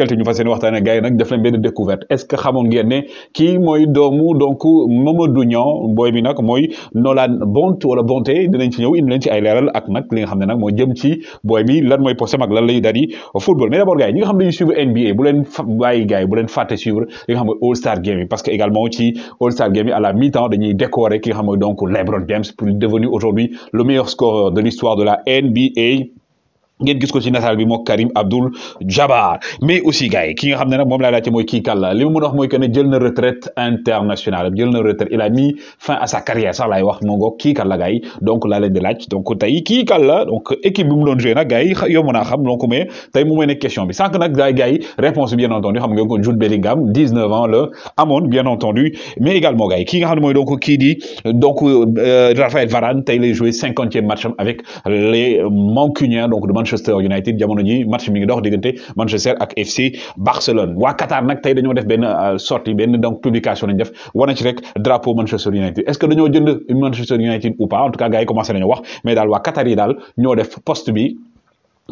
actualité ñu fas waxtane gaay nak def leen ben découverte est-ce que xamone ngeen ne kii mooy doomu donc Mamadou Niang boy bi nak moy nolan Bonte wala bonté dinañ ci ñëw indi leen ci ay leeral ak nak li nga xam nak moy jëm ci boy bi lan moy posé ak lan lay daal di football mais d'abord gaay yi ñi nga xam dañuy suivre NBA bu len bàyyi gaay bu len faté suivre li nga xam ne All Star Game parce que également ci All Star Game à la mi-temps dañuy décorer ki nga xam donc LeBron James pour devenu aujourd'hui le meilleur scoreur de l'histoire de la NBA ngeen gis ko ci nataal bi moo Karim Abdul Jabbar mais aussi gars yi ki nga xam ne nag moom laa laajte mooy kii kàlla li mu a wax mooy que ne jël na retraite internationale jël na retraite il a mis fin à sa carrière sax laay wax moo ngoog kii kàlla gars yi donc laa leen di laaj donc tey kii kàlla donc équipe bi mu doon joué nag gars yi yomb naa xam donc mais tey mu may nekk question bi sànq nag gars yi gars yi réponse bien entendu xam nga ko Jude Bellingham 19 ans la amoon bien entendu mais également gars yi ki nga xam ne mooy donc kii di donc euh, Rafael Varane tey lay joué 50e match avec les Mancuniens donc Manchester United jamono match mi ngi dox diggante Manchester ak FC Barcelone waa Qatar nag tey dañoo def benn euh, sortie benn donc publication lañ def wane rek drapeau Manchester United est-ce que dañoo jënd Manchester United ou pas en tout cas gars yi commencé nañu wax mais daal waa daal ñoo def poste bi.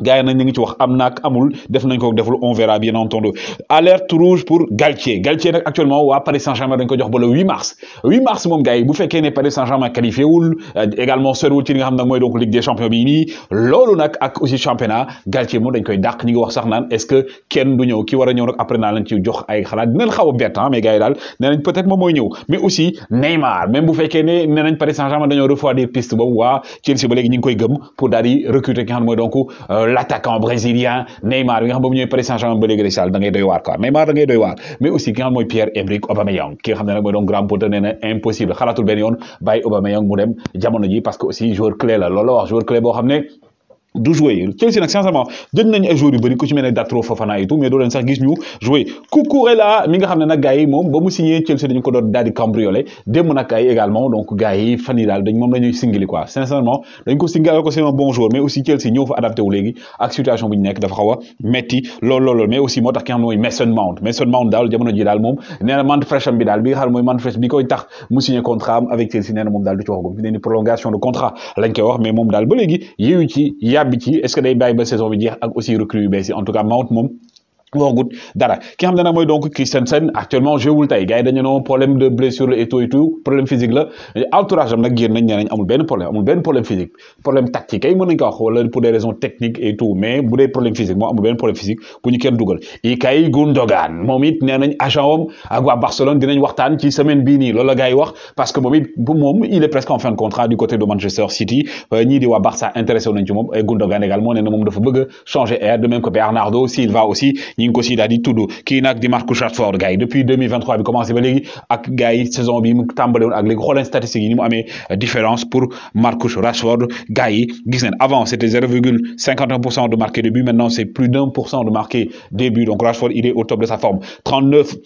gars yi nag ngi ci wax am naak amul def nañ ko deful on verra bien entendu alerte rouge pour Galtier Galtier nak actuellement wa Paris Saint-Germain dañ ko jox ba le 8 mars 8 mars mom gars bu fekkee Paris Saint-Germain qualifié wul euh, également soriwul ci nga xam nak moy donc Ligue des champions bi ni lolu nak ak aussi championnat Galtier mo dañ koy dàq ñu ngi wax sax naan est-ce que kenn du ñëw ki wara a ñëw nag après na leen ci jox ay xalaat dinañ xawa a hein mais gars dal né nañ peut-être moom moy ñëw mais aussi Neymar même bu fekkee né nañ Paris Saint-Germain dañoo refroidir piste boobu wa Chelsea ba légui ngi koy gëm pour dali di recruter nga xam moy donc euh, l'attaquant brésilien Neymar bi nga xam boobu ñëwee Paris Saint-Germain ba léegi de da ngay doy waar quoi Neymar da ngay doy waar mais aussi ki nga xam Pierre-Emerick Aubameyang ki nga xam ne nag donc grand poteau nee na impossible xalaatul ben yoon bay Aubameyang mu dem jamono ji parce que aussi joueur clé la lolo wax joueur clé bo xam du jouer Chelsea nak sincèrement jënd nañu ay joueurs yu bari ku ci melni Datro Fofana et tout mais do leen sax gis ñu jouer Cucurella mi nga xamné nak gaay gars yi moom ba mu signé Chelsea dañu ko doon daal di cambriolé démb nag ay également donc gaay yi fani dal daal dañ moom dañuy singili quoi sincèrement dañ ko singale ko c'est un bon joueur mais aussi Chelsea ñëw fa adapté wu légui ak situation bu ñu nekk dafa xawa metti lol lol mais aussi motax ki nga moy Mason Mount Mason Mount d'al jamono ji dal mom néna Mount man fresh am bi dal bi nga xam moy Mount fresh bi koy tax mu signé contrat am avec Chelsea néna mom dal du ci wax gum ni prolongation de contrat lañ koy wax mais mom d'al ba légui yewu ci tàbbi ci est-ce que day bàyyi ba saison bi jeex ak aussi recrue yu en tout cas Mount moom loogut dara ki xam ne nag mooy donc Christensen actuellement jéewul tey gars yi dañu ne problème de blessure la et tout et tout problème physique la entourage am nag génn nañ ne nañ amul benn problème amul benn problème physique problème tactique ay mën nañ ko wax wala pour des raisons techniques et tout mais bu dee problème physique moom amul benn problème physique bu ñu kenn dugal Ilkay Gundogan moom it nee nañ agent wam ak waa Barcelone dinañ waxtaan ci semaine bii nii loolu la gars yi wax parce que moom it bu moom il est presque en fin de contrat du côté de Manchester City euh, ñii di waa Barça intéressé nañ ci moom et Gundogan également nee na moom dafa bëgg changer air de même que Bernardo Silva aussi ñu ngi ko si daal di tudd kii nag di Marcus Rashford gars depuis 2023 bi commencé ba léegi ak gars saison bi mu tàmbale woon ak léegi xooleen statistiques yi ni mu amee euh, différence pour Marcus Rashford gars yi gis nañ avant c'était 0,51 de marqué de but maintenant c'est plus d'un pour cent de marqué début donc Rashford il est au top de sa forme 39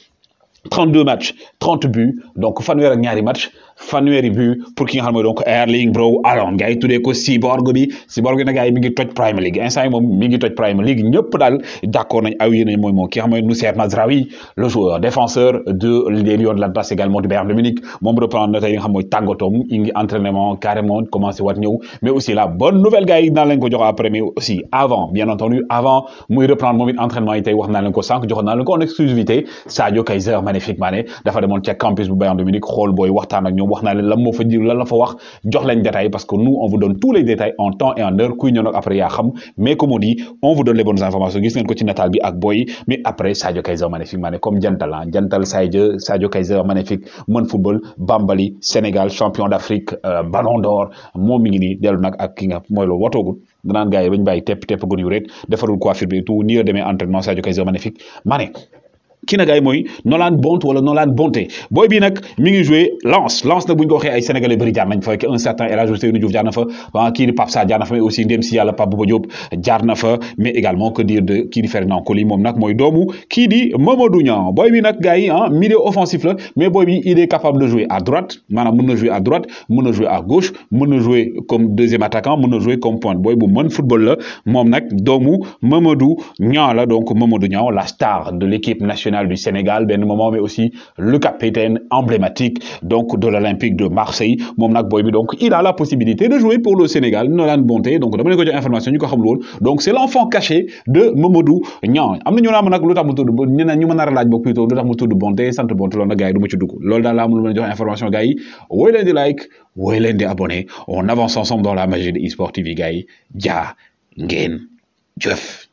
32 matchs 30 buts donc fanweer ak ñaari match fanweeri but pour ki nga xam ne mooy donc Erling bro Alon gars yi tuddee ko cyborg bi cyborg na gars yi mi ngi toj Premier League instant yi moom mi ngi toj Premier League ñëpp daal d'accord nañ aw yéen mooy moom ki nga xam ne Nusayr Mazraoui le joueur défenseur de des Lions de l'Atlas également du Bayern de Munich moom reprendre na tey nga xam mooy tàggatoom i ngi entraînement carrément commencé waat ñëw mais aussi la bonne nouvelle gars yi naa leen ko jox après mais aussi avant bien entendu avant muy reprendre moom it entraînement yi tey wax naa leen ko sànq joxoon naa leen ko en exclusivité Sadio Kaiser magnifique Mané dafa demoon ca campus bu Bayern Dominique Munich xool booy waxtaan ak ñoom moom wax naa lan moo fa ji lan la fa wax jox leen détail parce que nous on vous donne tous les détails en temps et en heure kuy ñëw nag après yaa xam mais comme on dit on vous donne les bonnes informations gis ngeen ko ci natal bi ak boy mais après Sadio Kaiser magnifique maa ne comme jantal ah jantal Sadio Sadio magnifique man football Bambali Sénégal champion d'Afrique euh, Ballon d'or moom mi ngi nii dellu nag ak ki nga mooy loolu watoogut danaan gars yi bañ bàyyi tepp tepp gun yu rek defarul coiffure bi tout nii la demee entraînement Sadio Kaiser magnifique mané ne qui na gaay mooy Nolan Bont wala Nolan Bonté Boy bii nag mi ngi joué lance, lance n'a bu ñu ko waxee ay sénégalais bëri jaar nañ fa un certain El Hadj Ousseynou Diouf jaar na fa ah, kii di Pape Sarr jaar mais aussi ndem si à Pape Bouba Diop jaar mais également que dire de qui di Ferdinand Coly moi domu mooy doomu kii di Mamadou Niang boy bi ah, milieu offensif la mais boy bi il est capable de jouer à droite maanaam mën jouer à droite mën jouer à gauche mën jouer comme deuxième attaquant mën jouer comme point. boy bu football la moom nak doomu Mamadou Niang la donc Mamadou Niang la star de l'équipe nationale nationale du Sénégal Ben moment mais aussi le capitaine emblématique donc de l'Olympique de Marseille moom nag bi donc il a la possibilité de jouer pour le Sénégal Nolan Bonté donc dama leen ko jox information ñu ko donc c'est l'enfant caché de Mamadou Niang am na ñu naan nag lu tax mu tudd ñu ñu mën a laaj plutôt Bonté Santé Bonté lo nag gars yi du ma ci dugg loolu daal laa mën leen jox information gars yi woy leen like woy leen abonné on avance ensemble dans la magie de eSport TV gars Ya ja, ngeen jëf.